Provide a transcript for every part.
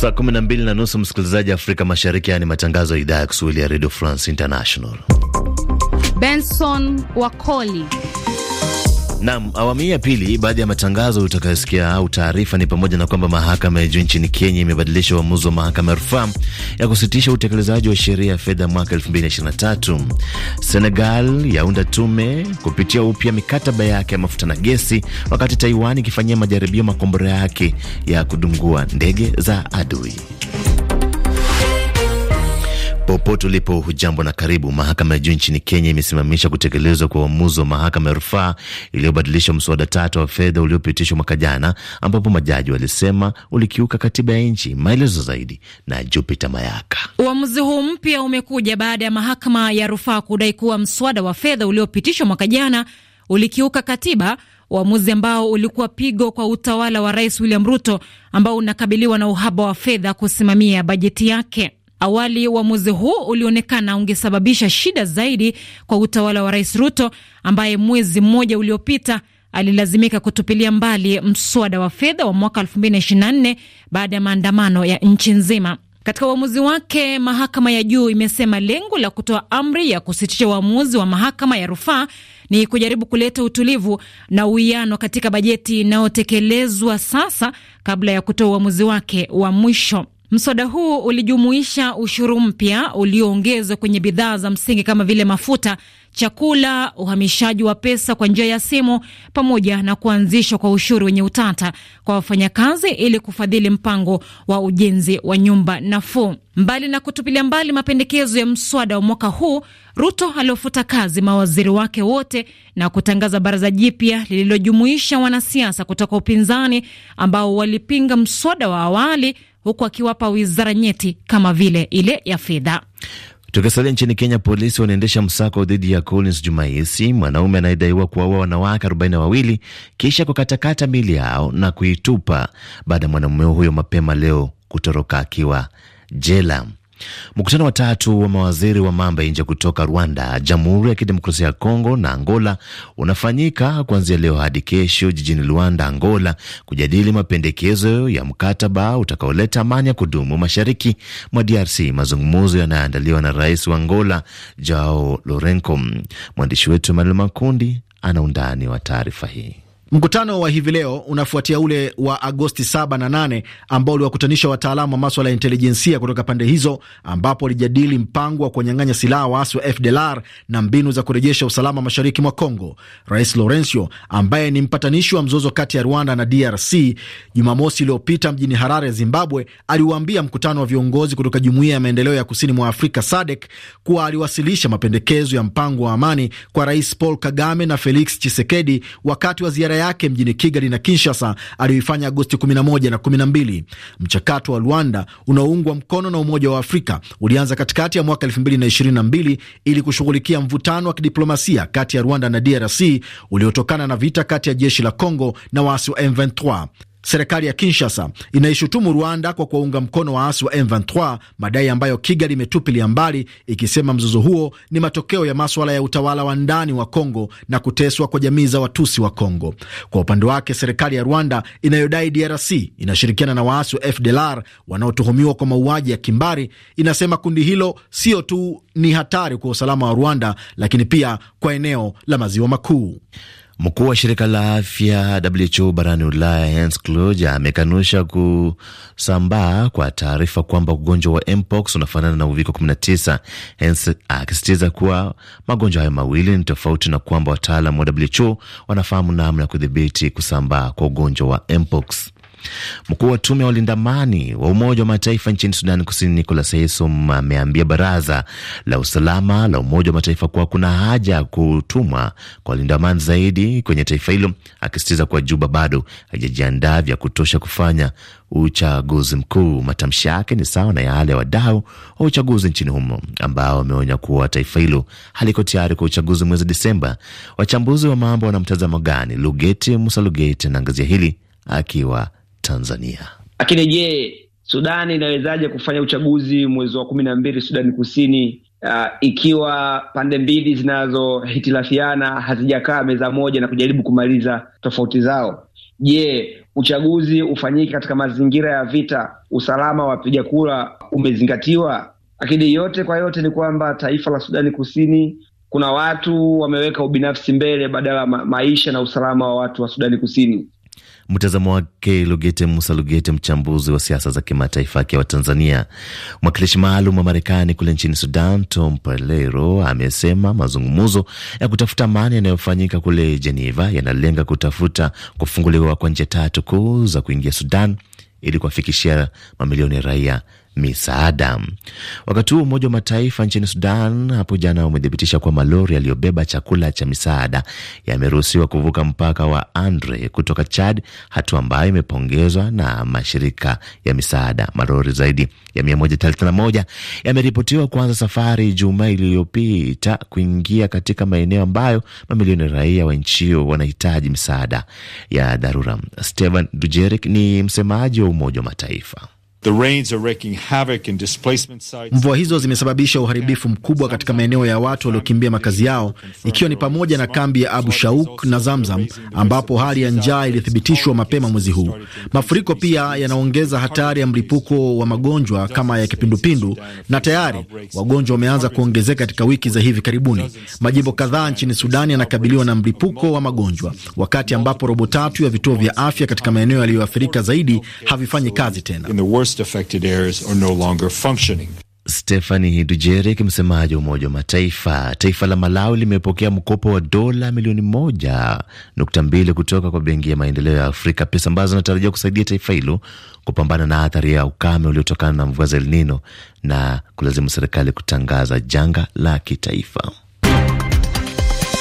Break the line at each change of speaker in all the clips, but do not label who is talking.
Saa 12 na nusu msikilizaji Afrika Mashariki, yaani matangazo ya idhaa ya Kiswahili ya Radio France International.
Benson Wakoli
Nam awamu hii ya pili, baadhi ya matangazo utakayosikia au taarifa ni pamoja na kwamba mahakama ya juu nchini Kenya imebadilisha uamuzi wa mahakama ya rufaa ya kusitisha utekelezaji wa sheria ya fedha mwaka 2023. Senegal yaunda tume kupitia upya mikataba yake ya mafuta na gesi, wakati Taiwan ikifanyia majaribio makombora yake ya kudungua ndege za adui. Popote ulipo hujambo na karibu. Mahakama ya juu nchini Kenya imesimamisha kutekelezwa kwa uamuzi wa mahakama ya rufaa iliyobadilisha mswada tatu wa fedha uliopitishwa mwaka jana, ambapo majaji walisema ulikiuka katiba ya nchi. Maelezo zaidi na Jupita Mayaka.
Uamuzi huu mpya umekuja baada ya mahakama ya rufaa kudai kuwa mswada wa fedha uliopitishwa mwaka jana ulikiuka katiba, uamuzi ambao ulikuwa pigo kwa utawala wa Rais William Ruto ambao unakabiliwa na uhaba wa fedha kusimamia bajeti yake. Awali uamuzi huu ulionekana ungesababisha shida zaidi kwa utawala wa Rais Ruto ambaye mwezi mmoja uliopita alilazimika kutupilia mbali mswada wa fedha wa mwaka 2024 baada ya maandamano ya nchi nzima. Katika uamuzi wake, mahakama ya juu imesema lengo la kutoa amri ya kusitisha uamuzi wa mahakama ya rufaa ni kujaribu kuleta utulivu na uwiano katika bajeti inayotekelezwa sasa kabla ya kutoa uamuzi wake wa mwisho. Mswada huu ulijumuisha ushuru mpya ulioongezwa kwenye bidhaa za msingi kama vile mafuta, chakula, uhamishaji wa pesa kwa njia ya simu, pamoja na kuanzishwa kwa ushuru wenye utata kwa wafanyakazi ili kufadhili mpango wa ujenzi wa nyumba nafuu. Mbali na kutupilia mbali mapendekezo ya mswada wa mwaka huu, Ruto aliofuta kazi mawaziri wake wote na kutangaza baraza jipya lililojumuisha wanasiasa kutoka upinzani ambao walipinga mswada wa awali huku akiwapa wizara nyeti kama vile ile ya fedha.
Tukisalia nchini Kenya, polisi wanaendesha msako dhidi ya Collins Jumaisi, mwanaume anayedaiwa kuwaua wanawake arobaini na wawili kisha kukatakata mili yao na kuitupa baada ya mwanamume huyo mapema leo kutoroka akiwa jela. Mkutano wa tatu wa mawaziri wa mambo ya nje kutoka Rwanda, Jamhuri ya Kidemokrasia ya Kongo na Angola unafanyika kuanzia leo hadi kesho jijini Luanda, Angola, kujadili mapendekezo ya mkataba utakaoleta amani ya kudumu mashariki mwa DRC, mazungumuzo yanayoandaliwa na rais wa Angola Joao Lourenco. Mwandishi wetu Emanuel Makundi ana undani wa taarifa hii.
Mkutano wa hivi leo unafuatia ule wa Agosti 7 na 8 ambao uliwakutanisha wataalamu wa maswala ya intelijensia kutoka pande hizo, ambapo walijadili mpango wa kuwanyang'anya silaha waasi wa FDLR na mbinu za kurejesha usalama mashariki mwa congo Rais Laurencio ambaye ni mpatanishi wa mzozo kati ya Rwanda na DRC, Jumamosi iliyopita mjini Harare, Zimbabwe, aliwaambia mkutano wa viongozi kutoka Jumuiya ya Maendeleo ya Kusini mwa Afrika SADC kuwa aliwasilisha mapendekezo ya mpango wa amani kwa Rais Paul Kagame na Felix chisekedi wakati wa ziara yake mjini Kigali na Kinshasa aliyoifanya Agosti 11 na 12. Mchakato wa Rwanda unaoungwa mkono na Umoja wa Afrika ulianza katikati ya mwaka 2022 ili kushughulikia mvutano wa kidiplomasia kati ya Rwanda na DRC uliotokana na vita kati ya jeshi la Kongo na waasi wa M23. Serikali ya Kinshasa inaishutumu Rwanda kwa kuwaunga mkono waasi wa M23, madai ambayo Kigali imetupilia mbali, ikisema mzozo huo ni matokeo ya maswala ya utawala wa ndani wa Kongo na kuteswa kwa jamii za Watusi wa Kongo. Kwa upande wake, serikali ya Rwanda inayodai DRC inashirikiana na waasi wa FDLR wanaotuhumiwa kwa mauaji ya kimbari, inasema kundi hilo sio tu ni hatari kwa usalama wa Rwanda, lakini pia kwa eneo la maziwa makuu.
Mkuu wa shirika la afya WHO barani Ulaya Hans Kluge amekanusha kusambaa kwa taarifa kwamba ugonjwa wa mpox unafanana na uviko 19, Hans akisisitiza kuwa magonjwa hayo mawili ni tofauti na kwamba wataalam wa WHO wanafahamu namna ya kudhibiti kusambaa kwa ugonjwa wa mpox. Mkuu wa tume ya walinda amani wa Umoja wa Mataifa nchini Sudani Kusini, Nicolas Haysom, mm, ameambia baraza la usalama la Umoja wa Mataifa kuwa kuna haja ya kutumwa kwa walinda amani zaidi kwenye taifa hilo, akisitiza kuwa Juba bado hajajiandaa vya kutosha kufanya uchaguzi mkuu. Matamshi yake ni sawa na yale ya wadau wa uchaguzi nchini humo ambao wameonya kuwa taifa hilo haliko tayari kwa uchaguzi mwezi Desemba. Wachambuzi wa mambo wana mtazamo gani? Lugete Musa Lugete anaangazia hili akiwa Tanzania.
Lakini
je, Sudani inawezaje kufanya uchaguzi mwezi wa kumi na mbili Sudani Kusini, uh, ikiwa pande mbili zinazohitilafiana hazijakaa meza moja na kujaribu kumaliza tofauti zao? Je, uchaguzi ufanyike katika mazingira ya vita? Usalama wa wapiga kura umezingatiwa? Lakini yote kwa yote ni kwamba taifa la Sudani Kusini, kuna watu wameweka ubinafsi mbele badala ma maisha na usalama wa watu wa Sudani Kusini.
Mtazamo wake Lugete Musa Lugete, mchambuzi wa siasa za kimataifa akiwa Tanzania. Mwakilishi maalum wa Marekani kule nchini Sudan, Tom Palero, amesema mazungumzo ya kutafuta amani yanayofanyika kule jeneva yanalenga kutafuta kufunguliwa kwa njia tatu kuu za kuingia Sudan ili kuwafikishia mamilioni ya raia misaada. Wakati huo Umoja wa Mataifa nchini Sudan hapo jana umethibitisha kuwa malori yaliyobeba chakula cha misaada yameruhusiwa kuvuka mpaka wa Andre kutoka Chad, hatua ambayo imepongezwa na mashirika ya misaada. Malori zaidi ya 131 yameripotiwa kuanza safari Jumaa iliyopita kuingia katika maeneo ambayo mamilioni raia wa nchi hiyo wanahitaji misaada ya dharura. Stephane Dujarric ni msemaji wa Umoja wa Mataifa. Mvua hizo zimesababisha uharibifu mkubwa
katika maeneo ya watu waliokimbia makazi yao, ikiwa ni pamoja na kambi ya Abu Shauk na Zamzam ambapo hali ya njaa ilithibitishwa mapema mwezi huu. Mafuriko pia yanaongeza hatari ya mlipuko wa magonjwa kama ya kipindupindu, na tayari wagonjwa wameanza kuongezeka katika wiki za hivi karibuni. Majimbo kadhaa nchini Sudani yanakabiliwa na mlipuko wa magonjwa, wakati ambapo robo tatu ya vituo vya afya katika maeneo yaliyoathirika zaidi havifanyi kazi tena worst affected areas are no longer functioning.
Stephanie Dujerik, msemaji wa Umoja wa Mataifa. Taifa la Malawi limepokea mkopo wa dola milioni moja nukta mbili kutoka kwa Benki ya Maendeleo ya Afrika, pesa ambazo zinatarajiwa kusaidia taifa hilo kupambana na athari ya ukame uliotokana na mvua za El Nino na kulazimu serikali kutangaza janga la kitaifa.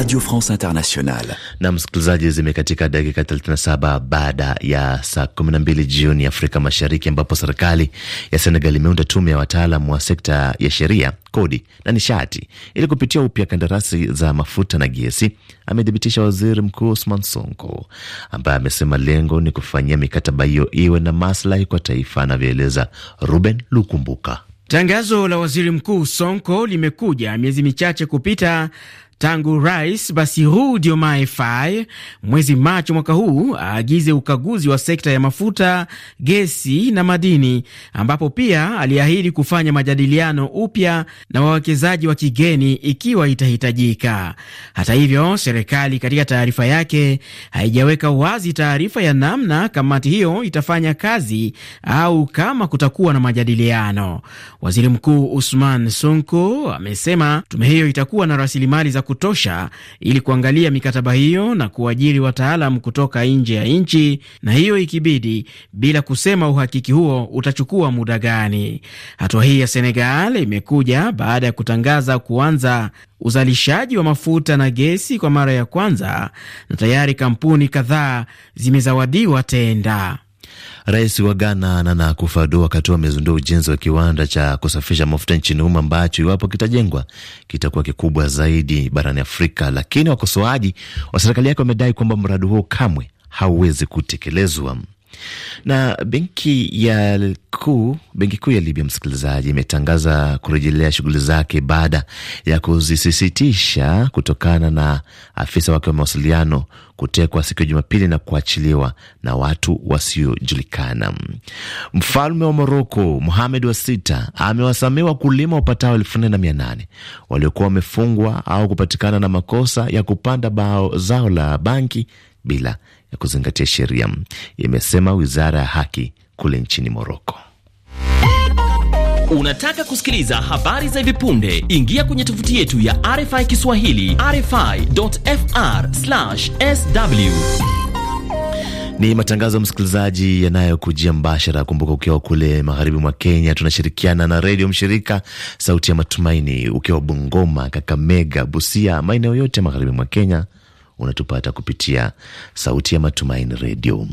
Radio France Internationale. Na msikilizaji, zimekatika dakika 37 baada ya saa 12 jioni Afrika Mashariki, ambapo serikali ya Senegal imeunda tume ya wataalam wa sekta ya sheria, kodi na nishati ili kupitia upya kandarasi za mafuta na gesi, amethibitisha Waziri Mkuu usman Sonko, ambaye amesema lengo ni kufanyia mikataba hiyo iwe na maslahi kwa taifa, anavyoeleza Ruben Lukumbuka. Tangazo la
waziri mkuu Sonko limekuja miezi michache kupita tangu Rais Bassirou Diomaye Faye mwezi Machi mwaka huu aagize ukaguzi wa sekta ya mafuta, gesi na madini, ambapo pia aliahidi kufanya majadiliano upya na wawekezaji wa kigeni ikiwa itahitajika. Hata hivyo, serikali katika taarifa yake haijaweka wazi taarifa ya namna kamati hiyo itafanya kazi au kama kutakuwa na majadiliano. Waziri Mkuu Usman Sonko amesema tume hiyo itakuwa na rasilimali za kutosha ili kuangalia mikataba hiyo na kuajiri wataalam kutoka nje ya nchi, na hiyo ikibidi, bila kusema uhakiki huo utachukua muda gani. Hatua hii ya Senegal imekuja baada ya kutangaza kuanza uzalishaji wa mafuta na gesi kwa mara ya kwanza, na tayari kampuni kadhaa zimezawadiwa tenda.
Rais wa Ghana Nana Akufo-Addo wakati amezindua ujenzi wa kiwanda cha kusafisha mafuta nchini humo ambacho iwapo kitajengwa kitakuwa kikubwa zaidi barani Afrika, lakini wakosoaji wa serikali yake wamedai kwamba mradi huo kamwe hauwezi kutekelezwa. Na benki ya kuu benki kuu ya Libya, msikilizaji, imetangaza kurejelea shughuli zake baada ya kuzisisitisha kutokana na afisa wake wa mawasiliano kutekwa siku ya Jumapili na kuachiliwa na watu wasiojulikana. Mfalme wa Moroko muhamed wa Sita amewasamehe wakulima wapatao elfu nne na mia nane waliokuwa wamefungwa au kupatikana na makosa ya kupanda bao zao la banki bila ya kuzingatia sheria, imesema wizara ya haki kule nchini Moroko.
Unataka kusikiliza habari za hivi punde? Ingia kwenye tovuti yetu ya RFI Kiswahili, rfi.fr/sw.
Ni matangazo ya msikilizaji yanayokujia mbashara. Kumbuka, ukiwa kule magharibi mwa Kenya, tunashirikiana na redio mshirika Sauti ya Matumaini. Ukiwa Bungoma, Kakamega, Busia, maeneo yote magharibi mwa Kenya unatupata kupitia Sauti ya Matumaini Redio.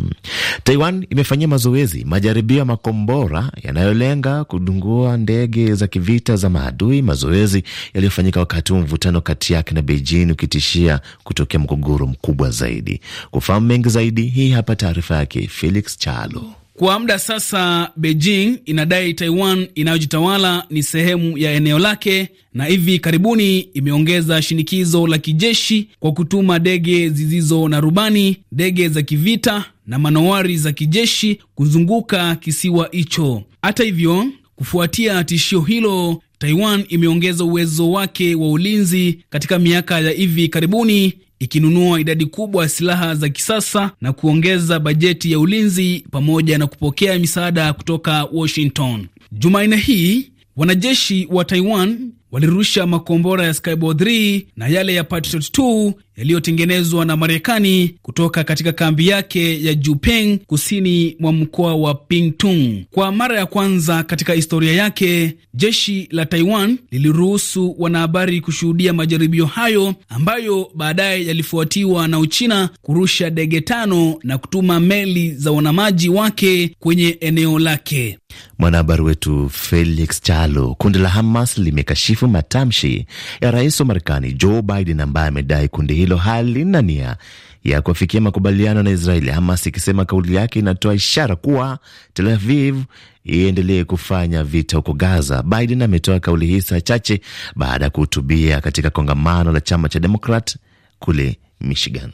Taiwan imefanyia mazoezi majaribio ya makombora yanayolenga kudungua ndege za kivita za maadui, mazoezi yaliyofanyika wakati huu mvutano kati yake na Beijing ukitishia kutokea mgogoro mkubwa zaidi. Kufahamu mengi zaidi, hii hapa taarifa yake Felix Chalo.
Kwa muda sasa, Beijing inadai Taiwan inayojitawala ni sehemu ya eneo lake, na hivi karibuni imeongeza shinikizo la kijeshi kwa kutuma ndege zisizo na rubani, ndege za kivita na manowari za kijeshi kuzunguka kisiwa hicho. Hata hivyo, kufuatia tishio hilo Taiwan imeongeza uwezo wake wa ulinzi katika miaka ya hivi karibuni ikinunua idadi kubwa ya silaha za kisasa na kuongeza bajeti ya ulinzi pamoja na kupokea misaada kutoka Washington. Jumanne hii wanajeshi wa Taiwan walirusha makombora ya Skybow 3 na yale ya Patriot 2 yaliyotengenezwa na Marekani kutoka katika kambi yake ya Jupeng kusini mwa mkoa wa Pingtung. Kwa mara ya kwanza katika historia yake, jeshi la Taiwan liliruhusu wanahabari kushuhudia majaribio hayo ambayo baadaye yalifuatiwa na Uchina kurusha ndege tano na kutuma meli za wanamaji wake kwenye eneo lake.
Mwanahabari wetu Felix Chalo. Kundi la Hamas limekashifu matamshi ya rais wa Marekani Joe Biden ambaye amedai kundi hilo halina nia ya kuafikia makubaliano na Israeli, Hamas ikisema kauli yake inatoa ishara kuwa Tel Aviv iendelee kufanya vita huko Gaza. Biden ametoa kauli hii saa chache baada ya kuhutubia katika kongamano la chama cha Demokrat kule Michigan.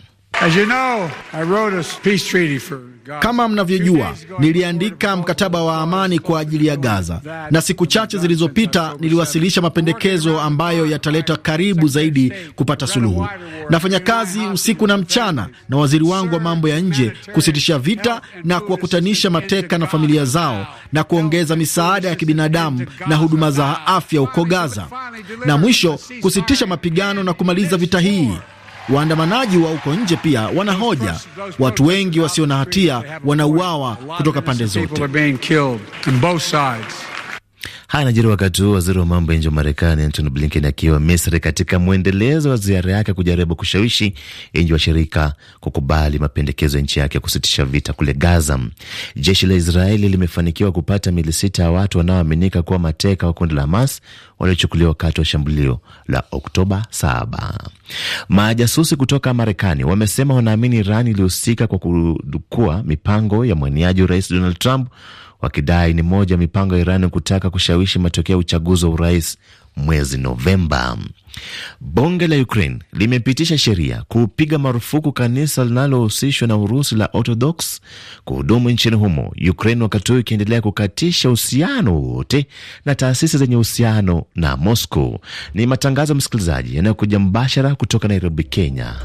Kama mnavyojua, niliandika mkataba wa amani kwa ajili ya Gaza, na siku chache zilizopita niliwasilisha mapendekezo ambayo yataleta karibu zaidi kupata suluhu. Nafanya kazi usiku na mchana na waziri wangu wa mambo ya nje kusitisha vita na kuwakutanisha mateka na familia zao na kuongeza misaada ya kibinadamu na huduma za afya huko Gaza, na mwisho kusitisha mapigano na kumaliza vita hii. Waandamanaji wa huko nje pia wanahoja, watu wengi wasio na hatia wanauawa kutoka pande zote.
Haya najiri wakati huu waziri wa mambo ya nje wa Marekani Antony Blinken akiwa Misri katika mwendelezo wa ziara yake kujaribu kushawishi wa shirika kukubali mapendekezo ya nchi yake kusitisha vita kule Gaza. Jeshi la Israeli limefanikiwa kupata mili sita ya watu wanaoaminika kuwa mateka wa kundi la Hamas waliochukuliwa wakati wa shambulio la Oktoba 7. Majasusi kutoka Marekani wamesema wanaamini Iran ilihusika kwa kudukua mipango ya mwaniaji rais Donald Trump wakidai ni moja ya mipango ya Iran kutaka kushawishi matokeo ya uchaguzi wa urais mwezi Novemba. Bunge la Ukraine limepitisha sheria kupiga marufuku kanisa linalohusishwa na Urusi la Orthodox kuhudumu nchini humo, Ukraine wakati huu ikiendelea kukatisha uhusiano wowote na taasisi zenye uhusiano na Moscow. Ni matangazo, ya msikilizaji, yanayokuja mbashara kutoka Nairobi, Kenya.